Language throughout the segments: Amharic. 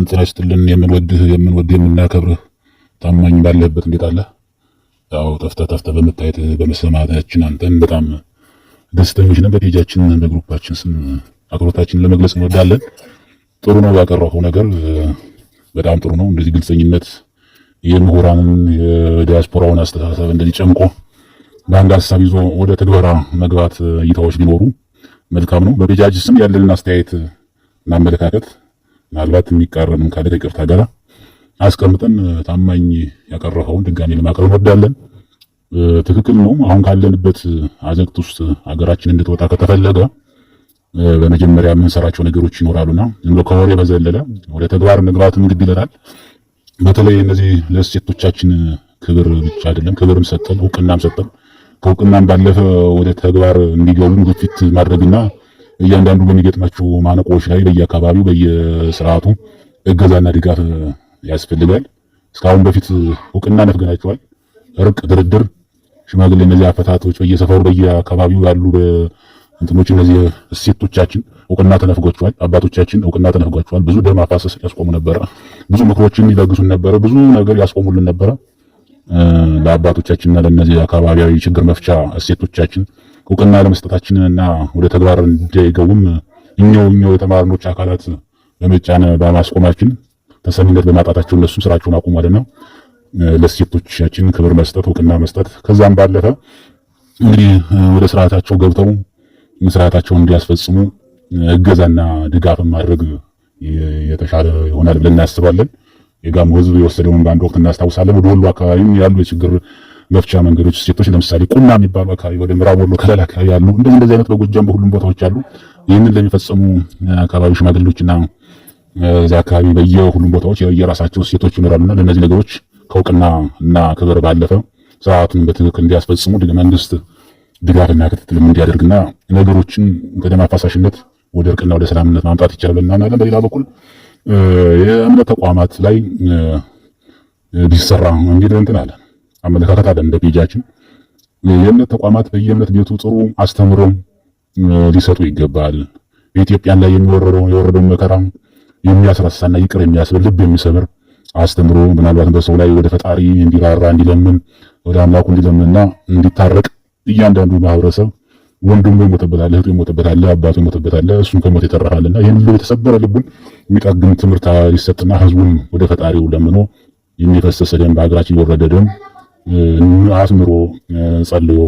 እንትና ይስጥልን የምንወድህ የምንወድህ የምናከብርህ ታማኝ ባለህበት እንዴት አለ ያው ተፍተ ጠፍተህ በመታየት በመሰማታችን አንተን በጣም ደስተኞች ነን። በፔጃችን በግሩፓችን ስም አክብሮታችንን ለመግለጽ እንወዳለን። ጥሩ ነው ያቀረበው ነገር በጣም ጥሩ ነው። እንደዚህ ግልጸኝነት የምሁራንን የዲያስፖራውን አስተሳሰብ እንደዚህ ጨምቆ በአንድ ሀሳብ ይዞ ወደ ትግበራ መግባት እይታዎች ቢኖሩ መልካም ነው። በፔጃችን ስም ያለንን አስተያየት እና አመለካከት ምናልባት የሚቃረንም ካለ ይቅርታ ጋር አስቀምጠን ታማኝ ያቀረፈውን ድጋሚ ለማቅረብ እንወዳለን። ትክክል ነው። አሁን ካለንበት አዘቅት ውስጥ ሀገራችን እንድትወጣ ከተፈለገ በመጀመሪያ የምንሰራቸው ነገሮች ይኖራሉና ዝም ብሎ ከወሬ በዘለለ ወደ ተግባር መግባትም ግድ ይለናል። በተለይ እነዚህ ለሴቶቻችን ክብር ብቻ አይደለም፣ ክብርም ሰጠን፣ እውቅናም ሰጠን። ከእውቅናም ባለፈ ወደ ተግባር እንዲገቡ ግፊት ማድረግና እያንዳንዱ በሚገጥማቸው ማነቆዎች ላይ በየአካባቢው በየስርዓቱ እገዛና ድጋፍ ያስፈልጋል። እስካሁን በፊት እውቅና ነፍገናቸዋል። እርቅ፣ ድርድር፣ ሽማግሌ፣ እነዚህ አፈታቶች በየሰፈሩ በየአካባቢው ያሉ እንትኖች እነዚህ እሴቶቻችን እውቅና ተነፍጓቸዋል። አባቶቻችን እውቅና ተነፍጓቸዋል። ብዙ ደም አፋሰስ ያስቆሙ ነበረ። ብዙ ምክሮችን ይለግሱን ነበረ። ብዙ ነገር ያስቆሙልን ነበረ። ለአባቶቻችንና ለእነዚህ አካባቢያዊ ችግር መፍቻ እሴቶቻችን እውቅና ለመስጠታችን ወደ ተግባር እንዳይገቡም እኛው እኛው የተማርኖች አካላት በመጫን በማስቆማችን ተሰሚነት በማጣታቸው እነሱም ስራቸውን አቁሟልና ለሴቶቻችን ክብር መስጠት እውቅና መስጠት ከዛም ባለፈ እንግዲህ ወደ ስርዓታቸው ገብተው ስርዓታቸውን እንዲያስፈጽሙ እገዛና ድጋፍ ማድረግ የተሻለ ይሆናል ብለን እናስባለን። የጋሞ ህዝብ የወሰደውን በአንድ ወቅት እናስታውሳለን። ወደ ወሎ አካባቢም ያሉ የችግር መፍቻ መንገዶች ሴቶች ለምሳሌ ቁና የሚባሉ አካባቢ ወደ ምዕራብ ወሎ ከለላ አካባቢ ያሉ እንደዚህ እንደዚህ አይነት በጎጃም በሁሉም ቦታዎች አሉ። ይህንን ለሚፈጸሙ አካባቢ ሽማግሌዎችና እዚያ አካባቢ በየሁሉም ቦታዎች የራሳቸው ሴቶች ይኖራሉና ለእነዚህ ነገሮች ከእውቅና እና ክብር ባለፈ ስርዓቱን በትክክል እንዲያስፈጽሙ መንግስት ድጋፍና ክትትልም እንዲያደርግና ነገሮችን ከደም አፋሳሽነት ወደ እርቅና ወደ ሰላምነት ማምጣት ይቻላል እና እናለን። በሌላ በኩል የእምነት ተቋማት ላይ ቢሰራ እንግዲህ እንትን አለ አመለካከት አለ እንደ ፔጃችን የእምነት ተቋማት በየእምነት ቤቱ ጥሩ አስተምሮ ሊሰጡ ይገባል። በኢትዮጵያን ላይ የሚወረደው የወረደው መከራ የሚያስረሳና ይቅር የሚያስብል ልብ የሚሰብር አስተምሮ ምናልባትም በሰው ላይ ወደ ፈጣሪ እንዲራራ እንዲለምን ወደ አምላኩ እንዲለምንና እንዲታረቅ እያንዳንዱ ማህበረሰብ ወንድሙ ይሞተበታል፣ እህቱ ይሞተበታል፣ አባቱ ይሞተበታል፣ እሱም ከሞት የተረፋልና ይህን ሁሉ የተሰበረ ልቡን የሚጠግም ትምህርት ሊሰጥና ህዝቡን ወደ ፈጣሪው ለምኖ የሚፈሰሰ ደም በሀገራችን የወረደ ደም አስምሮ ጸልዮ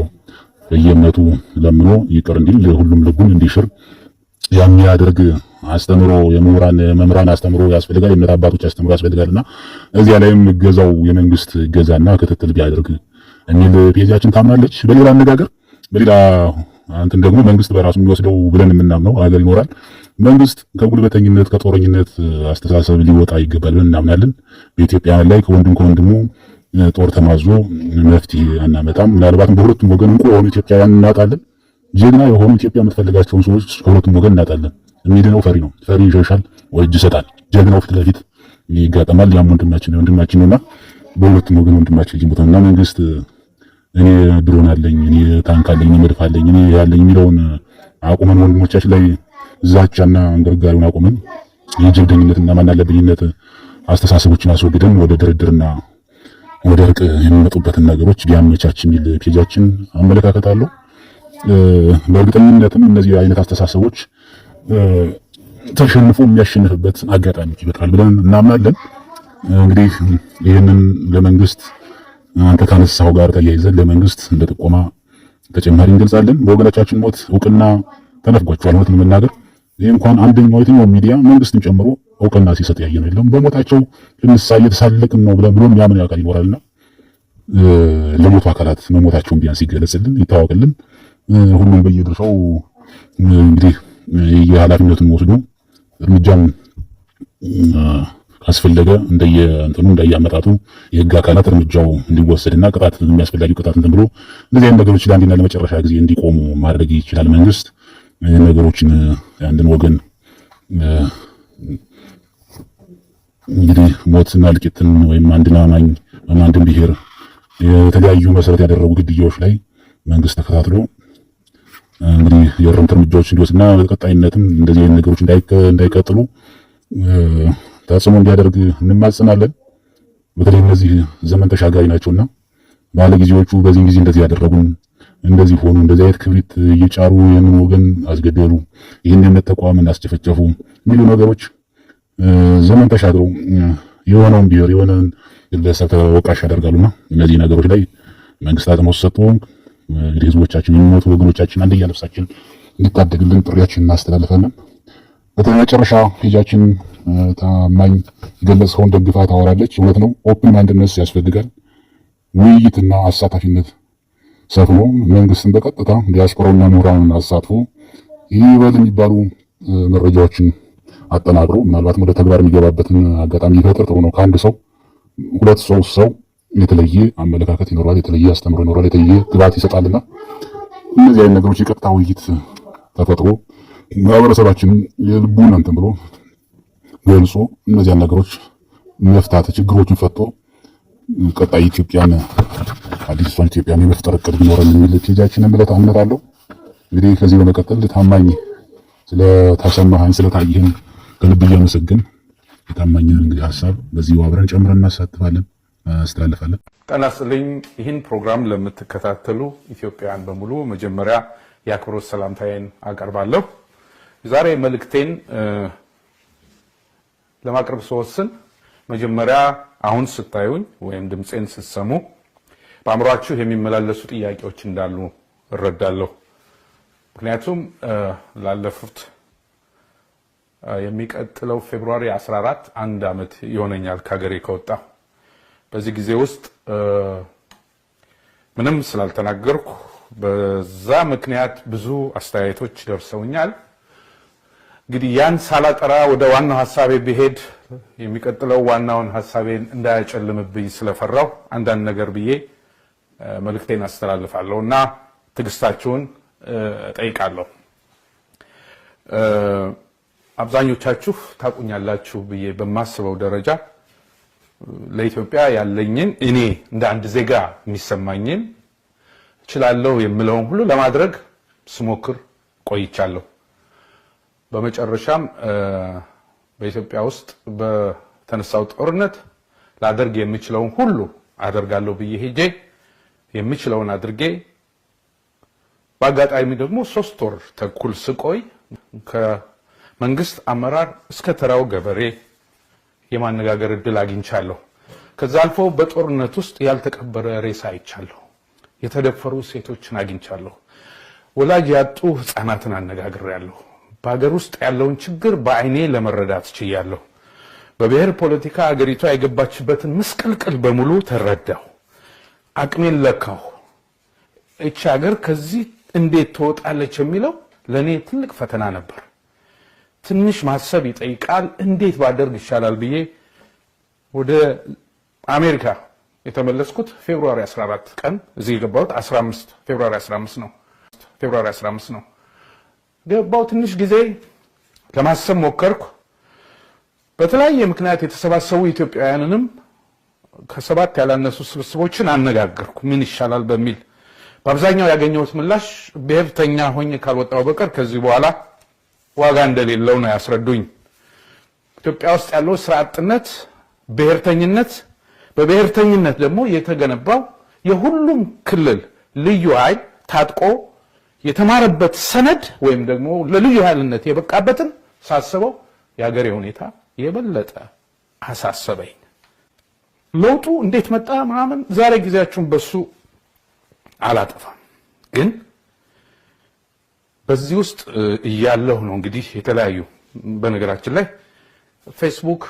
በየእምነቱ ለምኖ ይቅር እንዲል ሁሉም ልቡን እንዲሽር የሚያደርግ አስተምሮ የምሁራን መምህራን አስተምሮ ያስፈልጋል። የእምነት አባቶች አስተምሮ ያስፈልጋልና እዚያ ላይም እገዛው የመንግስት እገዛና ክትትል ቢያደርግ የሚል ፔጃችን ታምናለች። በሌላ አነጋገር በሌላ እንትን ደግሞ መንግስት በራሱ የሚወስደው ብለን የምናምነው አገር ይኖራል። መንግስት ከጉልበተኝነት ከጦረኝነት አስተሳሰብ ሊወጣ ይገባል ብለን እናምናለን። በኢትዮጵያ ላይ ከወንድም ከወንድሙ ጦር ተማዞ መፍትሄ አናመጣም። ምናልባትም በሁለቱም ወገን እንቁ የሆኑ ኢትዮጵያውያን እናጣለን። ጀግና የሆኑ ኢትዮጵያ የምትፈልጋቸውን ሰዎች በሁለቱም ወገን እናጣለን። የሚድነው ፈሪ ነው። ፈሪ ይሸሻል ወይ እጅ ይሰጣል። ጀግናው ፊት ለፊት ይጋጠማል። ያም ወንድማችን ወንድማችን ነውና በሁለቱም ወገን ወንድማችን ጅቡት እና መንግስት እኔ ድሮን አለኝ፣ እኔ ታንክ አለኝ፣ እኔ መድፍ አለኝ፣ እኔ ያለኝ የሚለውን አቁመን ወንድሞቻችን ላይ ዛቻና እንግርጋሪውን አቁመን የጀብደኝነትና ማናለብኝነት አስተሳሰቦችን አስወግደን ወደ ድርድርና ወደ እርቅ የሚመጡበትን ነገሮች ቢያመቻች የሚል ፔጃችን አመለካከት አለው። በእርግጠኝነትም እነዚህ አይነት አስተሳሰቦች ተሸንፎ የሚያሸንፍበት አጋጣሚ ይበጣል ብለን እናምናለን። እንግዲህ ይህንን ለመንግስት አንተ ካነሳው ጋር ተያይዘን ለመንግስት እንደ ጥቆማ ተጨማሪ እንገልጻለን። በወገኖቻችን ሞት እውቅና ተነፍጓቸዋል። እውነት ለመናገር ይህ እንኳን አንደኛው የትኛው ሚዲያ መንግስትን ጨምሮ እውቅና ሲሰጥ ያየነው የለም። በሞታቸው እንሳ እየተሳለቅን ነው ብለን ብሎም ያምን ያውቃል ይኖራልና ለሞቱ አካላት መሞታቸውን ቢያንስ ይገለጽልን፣ ይታወቅልን። ሁሉም በየድርሻው እንግዲህ የኃላፊነቱን ወስዶ እርምጃም ካስፈለገ እንደየእንትኑ እንደየአመጣጡ የህግ አካላት እርምጃው እንዲወሰድና ቅጣት የሚያስፈልጋው ቅጣት እንትን ብሎ እንደዚህ አይነት ነገሮች ለአንዴና ለመጨረሻ ጊዜ እንዲቆሙ ማድረግ ይችላል መንግስት ነገሮችን አንድን ወገን እንግዲህ ሞትና እልቂትን ወይም አንድን አማኝ ወይም አንድን ብሔር የተለያዩ መሰረት ያደረጉ ግድያዎች ላይ መንግስት ተከታትሎ እንግዲህ የእርምት እርምጃዎች እንዲወስድና በቀጣይነትም እንደዚህ አይነት ነገሮች እንዳይቀጥሉ ተጽዕኖ እንዲያደርግ እንማጽናለን። በተለይ እነዚህ ዘመን ተሻጋሪ ናቸውና ባለጊዜዎቹ በዚህ ጊዜ እንደዚህ ያደረጉን እንደዚህ ሆኑ፣ እንደዚህ አይነት ክብሪት እየጫሩ የምን ወገን አስገደሉ፣ ይህን የእምነት ተቋምን አስጨፈጨፉ የሚሉ ነገሮች ዘመን ተሻግሮ የሆነውን ብሔር የሆነን ግለሰብ ተወቃሽ ያደርጋሉና እነዚህ ነገሮች ላይ መንግስት አጽንኦት ሰጥቶ እንግዲህ ህዝቦቻችን የሚሞቱ ወገኖቻችን አንደኛ ነፍሳችን እንዲታደግልን ጥሪያችን እናስተላልፋለን። በተመጨረሻ ልጃችን ታማኝ የገለጽከውን ደግፋ ታወራለች። እውነት ነው። ኦፕን ማይንድነስ ያስፈልጋል። ውይይትና አሳታፊነት ሰፍኖ መንግስትን በቀጥታ ዲያስፖራውና ምሁራንን አሳትፎ ይበል የሚባሉ መረጃዎችን አጠናቅሮ ምናልባትም ወደ ተግባር የሚገባበትን አጋጣሚ ይፈጥር ጥሩ ነው። ከአንድ ሰው ሁለት ሰው ሰው የተለየ አመለካከት ይኖራል፣ የተለየ አስተምሮ ይኖራል፣ የተለየ ግብዓት ይሰጣልና እነዚህ አይነት ነገሮች የቀጥታ ውይይት ተፈጥሮ ማህበረሰባችን የልቡን እንትን ብሎ ገልጾ እነዚያን ነገሮች መፍታት ችግሮችን ፈጥቶ ቀጣይ ኢትዮጵያን አዲስ ሷን ኢትዮጵያን የመፍጠር እቅድ ቢኖረን የሚል ፔጃችን እምለት አምነት አለው። እንግዲህ ከዚህ በመቀጠል ታማኝ ስለተሰማህን ስለታየህን ከልብ እያመሰግን የታማኝን እንግዲህ ሀሳብ በዚህ አብረን ጨምረን እናሳትፋለን አስተላልፋለን። ጤና ይስጥልኝ። ይህን ፕሮግራም ለምትከታተሉ ኢትዮጵያውያን በሙሉ መጀመሪያ የአክብሮት ሰላምታዬን አቀርባለሁ። ዛሬ መልእክቴን ለማቅረብ ስወስን መጀመሪያ አሁን ስታዩኝ ወይም ድምፄን ስትሰሙ በአእምሯችሁ የሚመላለሱ ጥያቄዎች እንዳሉ እረዳለሁ። ምክንያቱም ላለፉት የሚቀጥለው ፌብሩዋሪ 14 አንድ ዓመት ይሆነኛል ከሀገሬ ከወጣ። በዚህ ጊዜ ውስጥ ምንም ስላልተናገርኩ በዛ ምክንያት ብዙ አስተያየቶች ደርሰውኛል። እንግዲህ ያን ሳላጠራ ወደ ዋናው ሀሳቤ ብሄድ የሚቀጥለው ዋናውን ሀሳቤን እንዳያጨልምብኝ ስለፈራው አንዳንድ ነገር ብዬ መልእክቴን አስተላልፋለሁ እና ትዕግስታችሁን እጠይቃለሁ። አብዛኞቻችሁ ታቁኛላችሁ ብዬ በማስበው ደረጃ ለኢትዮጵያ ያለኝን እኔ እንደ አንድ ዜጋ የሚሰማኝን እችላለሁ የምለውን ሁሉ ለማድረግ ስሞክር ቆይቻለሁ። በመጨረሻም በኢትዮጵያ ውስጥ በተነሳው ጦርነት ላደርግ የምችለውን ሁሉ አደርጋለሁ ብዬ ሄጄ የምችለውን አድርጌ በአጋጣሚ ደግሞ ሶስት ወር ተኩል ስቆይ መንግስት አመራር እስከ ተራው ገበሬ የማነጋገር እድል አግኝቻለሁ። ከዛ አልፎ በጦርነት ውስጥ ያልተቀበረ ሬሳ አይቻለሁ። የተደፈሩ ሴቶችን አግኝቻለሁ። ወላጅ ያጡ ህፃናትን አነጋግሬያለሁ። በሀገር ውስጥ ያለውን ችግር በአይኔ ለመረዳት ችያለሁ። በብሔር ፖለቲካ አገሪቷ የገባችበትን ምስቅልቅል በሙሉ ተረዳሁ። አቅሜን ለካሁ። እቺ ሀገር ከዚህ እንዴት ትወጣለች የሚለው ለእኔ ትልቅ ፈተና ነበር። ትንሽ ማሰብ ይጠይቃል። እንዴት ባደርግ ይሻላል ብዬ ወደ አሜሪካ የተመለስኩት ፌብሩዋሪ 14 ቀን እዚህ የገባሁት 15 ፌብሩዋሪ 15 ነው። ፌብሩዋሪ 15 ነው ገባው። ትንሽ ጊዜ ለማሰብ ሞከርኩ። በተለያየ ምክንያት የተሰባሰቡ ኢትዮጵያውያንንም ከሰባት ያላነሱ ስብስቦችን አነጋገርኩ ምን ይሻላል በሚል በአብዛኛው ያገኘሁት ምላሽ ብሔርተኛ ሆኜ ካልወጣው በቀር ከዚህ በኋላ ዋጋ እንደሌለው ነው ያስረዱኝ። ኢትዮጵያ ውስጥ ያለው ስራ አጥነት፣ ብሔርተኝነት፣ በብሔርተኝነት ደግሞ የተገነባው የሁሉም ክልል ልዩ ኃይል ታጥቆ የተማረበት ሰነድ ወይም ደግሞ ለልዩ ኃይልነት የበቃበትን ሳስበው የሀገሬ ሁኔታ የበለጠ አሳሰበኝ። ለውጡ እንዴት መጣ ምናምን ዛሬ ጊዜያችሁን በሱ አላጠፋም ግን በዚህ ውስጥ እያለሁ ነው እንግዲህ የተለያዩ በነገራችን ላይ ፌስቡክ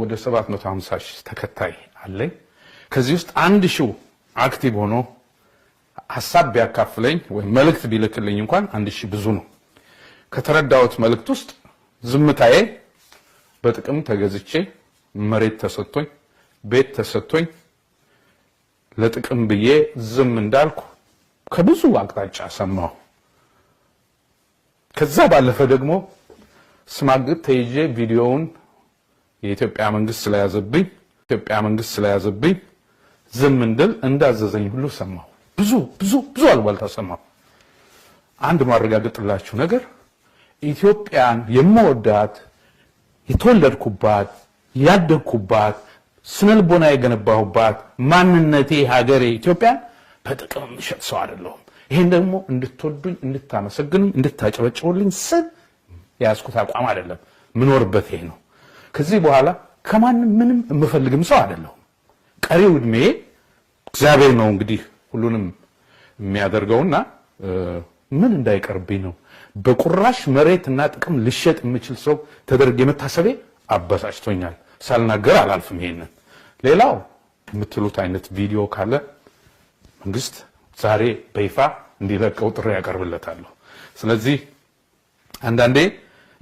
ወደ 750 ሺህ ተከታይ አለኝ። ከዚህ ውስጥ አንድ ሺው አክቲቭ ሆኖ ሀሳብ ቢያካፍለኝ ወይም መልእክት ቢልክልኝ እንኳን አንድ ሺህ ብዙ ነው። ከተረዳሁት መልእክት ውስጥ ዝምታዬ በጥቅም ተገዝቼ መሬት ተሰጥቶኝ ቤት ተሰጥቶኝ ለጥቅም ብዬ ዝም እንዳልኩ ከብዙ አቅጣጫ ሰማሁ። ከዛ ባለፈ ደግሞ ስማግጥ ተይዤ ቪዲዮውን የኢትዮጵያ መንግስት ስለያዘብኝ ኢትዮጵያ መንግስት ስለያዘብኝ ዝም እንድል እንዳዘዘኝ ሁሉ ሰማሁ። ብዙ ብዙ ብዙ አልባልታ ሰማሁ። አንድ ማረጋገጥላችሁ ነገር ኢትዮጵያን የምወዳት የተወለድኩባት ያደግኩባት ስነልቦና የገነባሁባት ማንነቴ ሀገሬ ኢትዮጵያን በጥቅም የምሸጥ ሰው አይደለሁም። ይህን ደግሞ እንድትወዱኝ፣ እንድታመሰግኑኝ፣ እንድታጨበጭቡልኝ ስል የያዝኩት አቋም አይደለም። ምኖርበት ይሄ ነው። ከዚህ በኋላ ከማንም ምንም የምፈልግም ሰው አይደለሁም። ቀሪው እድሜ እግዚአብሔር ነው እንግዲህ ሁሉንም የሚያደርገውና ምን እንዳይቀርብኝ ነው በቁራሽ መሬትና ጥቅም ልሸጥ የምችል ሰው ተደርጌ መታሰቤ አበሳጭቶኛል። ሳልናገር አላልፍም። ይሄንን ሌላው የምትሉት አይነት ቪዲዮ ካለ መንግስት ዛሬ በይፋ እንዲለቀው ጥሪ ያቀርብለታለሁ። ስለዚህ አንዳንዴ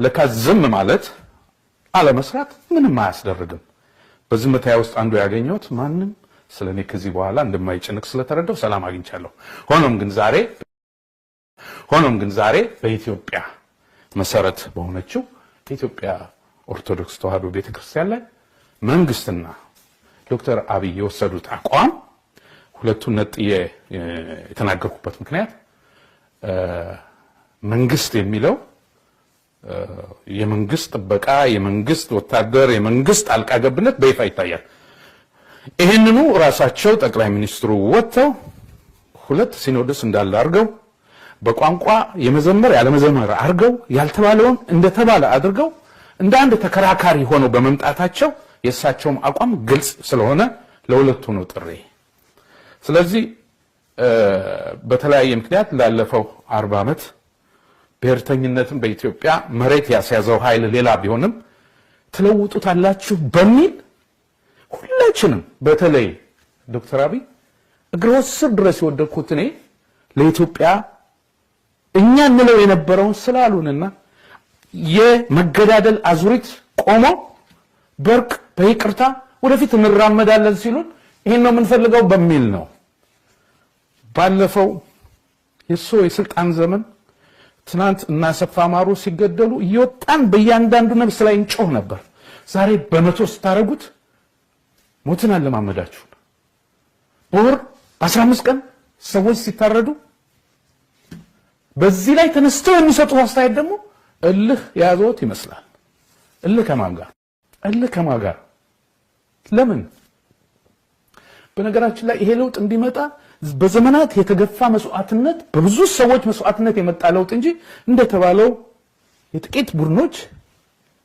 ለካ ዝም ማለት አለመስራት ምንም አያስደርግም። በዝምታዬ ውስጥ አንዱ ያገኘሁት ማንም ስለ እኔ ከዚህ በኋላ እንደማይጨንቅ ስለተረዳው ሰላም አግኝቻለሁ። ሆኖም ግን ዛሬ ሆኖም ግን ዛሬ በኢትዮጵያ መሰረት በሆነችው የኢትዮጵያ ኦርቶዶክስ ተዋህዶ ቤተክርስቲያን ላይ መንግስትና ዶክተር አብይ የወሰዱት አቋም ሁለቱን ነጥዬ የተናገርኩበት ምክንያት መንግስት የሚለው የመንግስት ጥበቃ፣ የመንግስት ወታደር፣ የመንግስት ጣልቃ ገብነት በይፋ ይታያል። ይህንኑ ራሳቸው ጠቅላይ ሚኒስትሩ ወጥተው ሁለት ሲኖዶስ እንዳለ አድርገው በቋንቋ የመዘመር ያለመዘመር አድርገው ያልተባለውን እንደተባለ አድርገው እንደ አንድ ተከራካሪ ሆነው በመምጣታቸው የእሳቸውም አቋም ግልጽ ስለሆነ ለሁለቱ ነው ጥሬ። ስለዚህ በተለያየ ምክንያት ላለፈው አርባ ዓመት ብሔርተኝነትን በኢትዮጵያ መሬት ያስያዘው ኃይል ሌላ ቢሆንም ትለውጡታላችሁ በሚል ሁላችንም በተለይ ዶክተር አብይ እግር ወስር ድረስ የወደድኩት እኔ ለኢትዮጵያ እኛ እንለው የነበረውን ስላሉንና የመገዳደል አዙሪት ቆሞ በርቅ በይቅርታ ወደፊት እንራመዳለን ሲሉን ይህን ነው የምንፈልገው በሚል ነው። ባለፈው የእሱ የስልጣን ዘመን ትናንት እና ሰፋ ማሩ ሲገደሉ እየወጣን በእያንዳንዱ ነብስ ላይ እንጮህ ነበር። ዛሬ በመቶ ስታደርጉት ሞትን አለማመዳችሁ። በወር በአስራ አምስት ቀን ሰዎች ሲታረዱ በዚህ ላይ ተነስተው የሚሰጡ አስተያየት ደግሞ እልህ የያዘዎት ይመስላል። እልህ ከማን ጋር? እልህ ከማን ጋር? ለምን በነገራችን ላይ ይሄ ለውጥ እንዲመጣ በዘመናት የተገፋ መስዋዕትነት፣ በብዙ ሰዎች መስዋዕትነት የመጣ ለውጥ እንጂ እንደተባለው የጥቂት ቡድኖች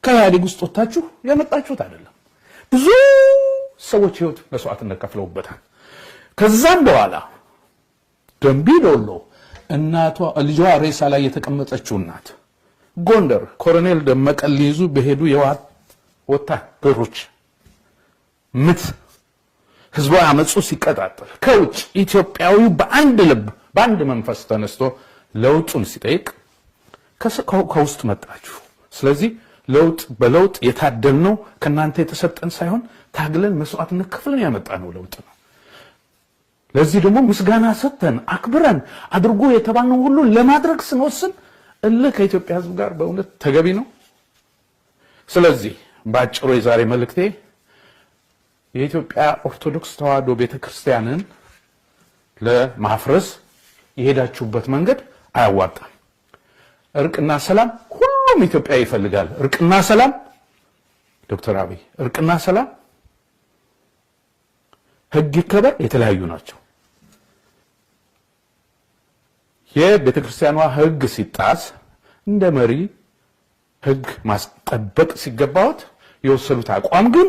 ከኢህአዴግ ውስጥ ወጥታችሁ ያመጣችሁት አይደለም። ብዙ ሰዎች ህይወት መስዋዕትነት ከፍለውበታል። ከዛም በኋላ ደምቢ ዶሎ እናቷ ልጇ ሬሳ ላይ የተቀመጠችው እናት ጎንደር ኮሎኔል ደመቀ ሊይዙ በሄዱ የዋት ወታደሮች ምት ህዝባዊ አመፁ ሲቀጣጠል ከውጭ ኢትዮጵያዊ በአንድ ልብ በአንድ መንፈስ ተነስቶ ለውጡን ሲጠይቅ ከውስጥ መጣችሁ። ስለዚህ ለውጥ በለውጥ የታደልነው ከእናንተ የተሰጠን ሳይሆን ታግለን መስዋዕትነት ያመጣ ያመጣነው ለውጥ ነው። ለዚህ ደግሞ ምስጋና ሰጥተን አክብረን አድርጎ የተባልነው ሁሉ ለማድረግ ስንወስን እልህ ከኢትዮጵያ ህዝብ ጋር በእውነት ተገቢ ነው። ስለዚህ በአጭሩ የዛሬ መልእክቴ የኢትዮጵያ ኦርቶዶክስ ተዋህዶ ቤተክርስቲያንን ለማፍረስ የሄዳችሁበት መንገድ አያዋጣም። እርቅና ሰላም ሁሉም ኢትዮጵያ ይፈልጋል። እርቅና ሰላም ዶክተር አብይ እርቅና ሰላም ህግ ይከበር የተለያዩ ናቸው። የቤተ ክርስቲያኗ ህግ ሲጣስ እንደ መሪ ህግ ማስጠበቅ ሲገባዎት የወሰዱት አቋም ግን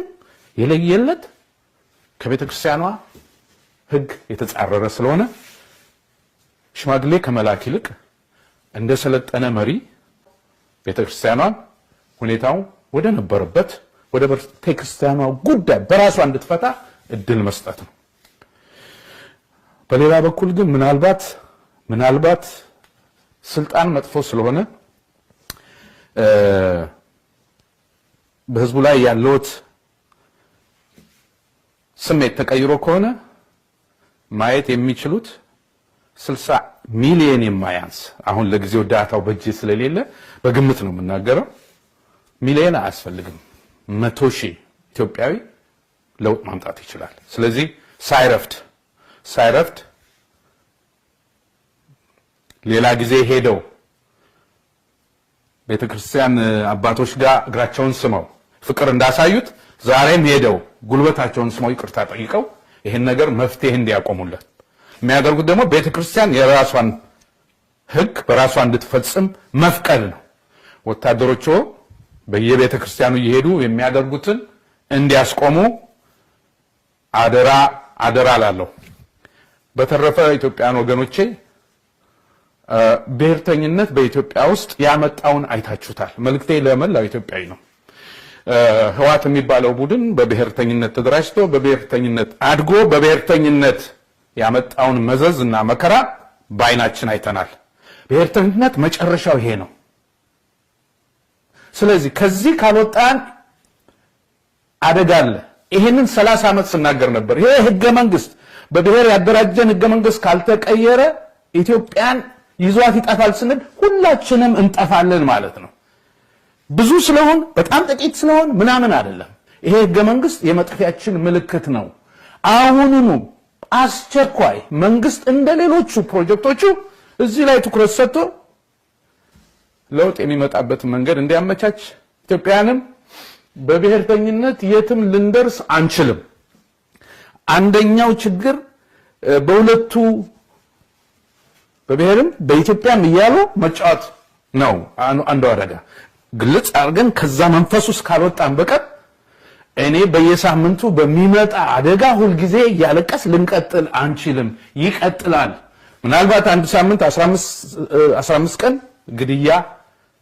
የለየለት ከቤተ ክርስቲያኗ ሕግ የተጻረረ ስለሆነ ሽማግሌ ከመላክ ይልቅ እንደ ሰለጠነ መሪ ቤተ ክርስቲያኗን ሁኔታው ወደ ነበረበት ወደ ቤተ ክርስቲያኗ ጉዳይ በራሷ እንድትፈታ እድል መስጠት ነው። በሌላ በኩል ግን ምናልባት ምናልባት ስልጣን መጥፎ ስለሆነ በህዝቡ ላይ ያለውት ስሜት ተቀይሮ ከሆነ ማየት የሚችሉት 60 ሚሊዮን የማያንስ አሁን ለጊዜው ዳታው በእጅ ስለሌለ በግምት ነው የምናገረው። ሚሊዮን አያስፈልግም። መቶ ሺህ ኢትዮጵያዊ ለውጥ ማምጣት ይችላል። ስለዚህ ሳይረፍድ ሳይረፍድ ሌላ ጊዜ ሄደው ቤተክርስቲያን አባቶች ጋር እግራቸውን ስመው ፍቅር እንዳሳዩት ዛሬም ሄደው ጉልበታቸውን ስመው ይቅርታ ጠይቀው ይህን ነገር መፍትሄ እንዲያቆሙለት የሚያደርጉት ደግሞ ቤተክርስቲያን የራሷን ህግ በራሷ እንድትፈጽም መፍቀድ ነው። ወታደሮቹ በየቤተ ክርስቲያኑ እየሄዱ የሚያደርጉትን እንዲያስቆሙ አደራ አደራ ላለሁ። በተረፈ ኢትዮጵያን ወገኖቼ ብሔርተኝነት በኢትዮጵያ ውስጥ ያመጣውን አይታችሁታል። መልእክቴ ለመላው ኢትዮጵያዊ ነው። ህዋት የሚባለው ቡድን በብሔርተኝነት ተደራጅቶ በብሔርተኝነት አድጎ በብሔርተኝነት ያመጣውን መዘዝ እና መከራ በአይናችን አይተናል። ብሔርተኝነት መጨረሻው ይሄ ነው። ስለዚህ ከዚህ ካልወጣን አደጋ አለ። ይሄንን ሰላሳ ዓመት ስናገር ነበር። ይሄ ህገ መንግስት በብሔር ያደራጀን ህገ መንግስት ካልተቀየረ ኢትዮጵያን ይዟት ይጠፋል ስንል ሁላችንም እንጠፋለን ማለት ነው። ብዙ ስለሆን በጣም ጥቂት ስለሆን ምናምን አይደለም። ይሄ ህገ መንግስት የመጥፊያችን ምልክት ነው። አሁኑኑ አስቸኳይ መንግስት እንደ ሌሎቹ ፕሮጀክቶቹ እዚህ ላይ ትኩረት ሰጥቶ ለውጥ የሚመጣበትን መንገድ እንዲያመቻች ኢትዮጵያንም በብሔርተኝነት የትም ልንደርስ አንችልም። አንደኛው ችግር በሁለቱ በብሔርም በኢትዮጵያም እያሉ መጫወት ነው አንዱ አደጋ። ግልጽ አድርገን ከዛ መንፈስ ውስጥ ካልወጣን በቀር እኔ በየሳምንቱ በሚመጣ አደጋ ሁልጊዜ እያለቀስ ልንቀጥል አንችልም። ይቀጥላል። ምናልባት አንድ ሳምንት 15 ቀን ግድያ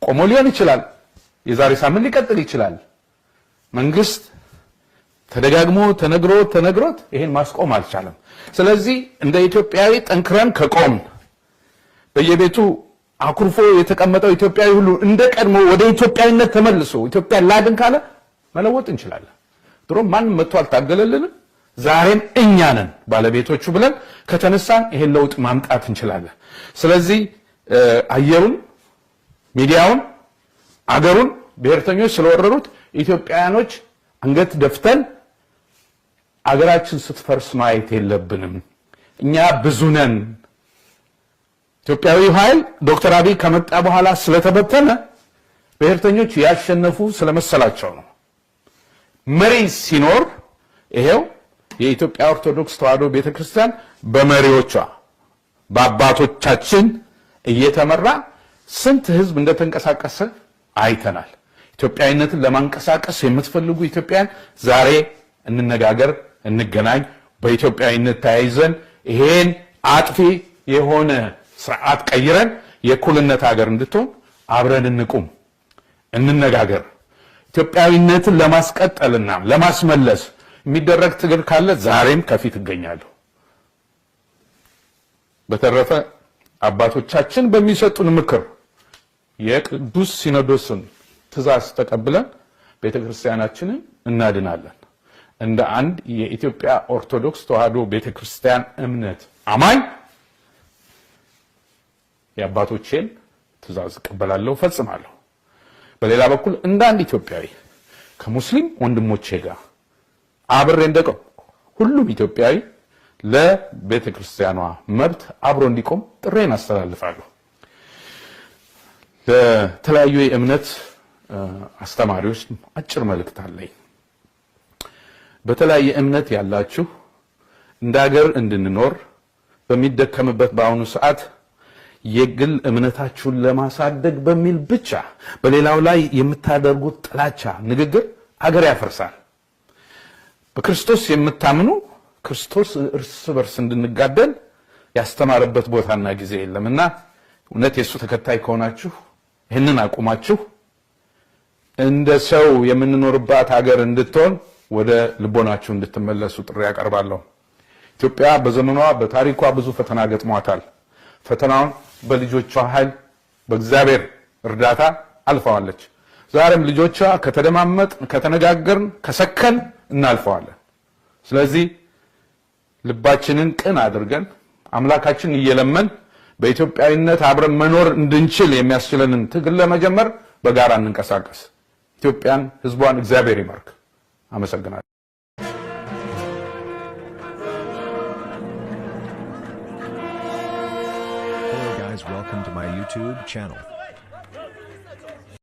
ቆሞ ሊሆን ይችላል። የዛሬ ሳምንት ሊቀጥል ይችላል። መንግስት ተደጋግሞ ተነግሮት ተነግሮት ይሄን ማስቆም አልቻለም። ስለዚህ እንደ ኢትዮጵያዊ ጠንክረን ከቆም በየቤቱ አኩርፎ የተቀመጠው ኢትዮጵያዊ ሁሉ እንደ ቀድሞ ወደ ኢትዮጵያዊነት ተመልሶ ኢትዮጵያ ላድን ካለ መለወጥ እንችላለን። ድሮም ማንም መጥቶ አልታገለልንም። ዛሬም እኛ ነን ባለቤቶቹ ብለን ከተነሳን ይሄን ለውጥ ማምጣት እንችላለን። ስለዚህ አየሩን፣ ሚዲያውን፣ አገሩን ብሔርተኞች ስለወረሩት ኢትዮጵያውያኖች አንገት ደፍተን አገራችን ስትፈርስ ማየት የለብንም። እኛ ብዙ ነን። ኢትዮጵያዊ ኃይል ዶክተር አብይ ከመጣ በኋላ ስለተበተነ ብሔርተኞች ያሸነፉ ስለመሰላቸው ነው። መሪ ሲኖር ይሄው የኢትዮጵያ ኦርቶዶክስ ተዋሕዶ ቤተክርስቲያን በመሪዎቿ በአባቶቻችን እየተመራ ስንት ህዝብ እንደተንቀሳቀሰ አይተናል። ኢትዮጵያዊነትን ለማንቀሳቀስ የምትፈልጉ ኢትዮጵያን ዛሬ እንነጋገር፣ እንገናኝ። በኢትዮጵያዊነት ተያይዘን ይሄን አጥፊ የሆነ ስርዓት ቀይረን የእኩልነት ሀገር እንድትሆን አብረን እንቁም፣ እንነጋገር። ኢትዮጵያዊነትን ለማስቀጠልና ለማስመለስ የሚደረግ ትግል ካለ ዛሬም ከፊት እገኛለሁ። በተረፈ አባቶቻችን በሚሰጡን ምክር የቅዱስ ሲኖዶስን ትእዛዝ ተቀብለን ቤተክርስቲያናችንን እናድናለን። እንደ አንድ የኢትዮጵያ ኦርቶዶክስ ተዋሕዶ ቤተክርስቲያን እምነት አማኝ የአባቶቼን ትእዛዝ እቀበላለሁ፣ ፈጽማለሁ። በሌላ በኩል እንደ አንድ ኢትዮጵያዊ ከሙስሊም ወንድሞቼ ጋር አብሬ እንደቆም ሁሉም ኢትዮጵያዊ ለቤተ ክርስቲያኗ መብት አብሮ እንዲቆም ጥሬን አስተላልፋለሁ። ለተለያዩ የእምነት አስተማሪዎች አጭር መልእክት አለኝ። በተለያየ እምነት ያላችሁ እንደ ሀገር እንድንኖር በሚደከምበት በአሁኑ ሰዓት የግል እምነታችሁን ለማሳደግ በሚል ብቻ በሌላው ላይ የምታደርጉት ጥላቻ ንግግር ሀገር ያፈርሳል። በክርስቶስ የምታምኑ ክርስቶስ እርስ በርስ እንድንጋደል ያስተማረበት ቦታና ጊዜ የለምና እውነት የእሱ ተከታይ ከሆናችሁ ይህንን አቁማችሁ እንደ ሰው የምንኖርባት ሀገር እንድትሆን ወደ ልቦናችሁ እንድትመለሱ ጥሪ ያቀርባለሁ። ኢትዮጵያ በዘመኗ በታሪኳ ብዙ ፈተና ገጥሟታል። ፈተናውን በልጆቿ ኃይል በእግዚአብሔር እርዳታ አልፈዋለች። ዛሬም ልጆቿ ከተደማመጥ፣ ከተነጋገርን፣ ከሰከን እናልፈዋለን። ስለዚህ ልባችንን ቅን አድርገን አምላካችንን እየለመን በኢትዮጵያዊነት አብረን መኖር እንድንችል የሚያስችለንን ትግል ለመጀመር በጋራ እንንቀሳቀስ። ኢትዮጵያን ሕዝቧን እግዚአብሔር ይመርክ አመሰግናለሁ። Welcome to my YouTube channel.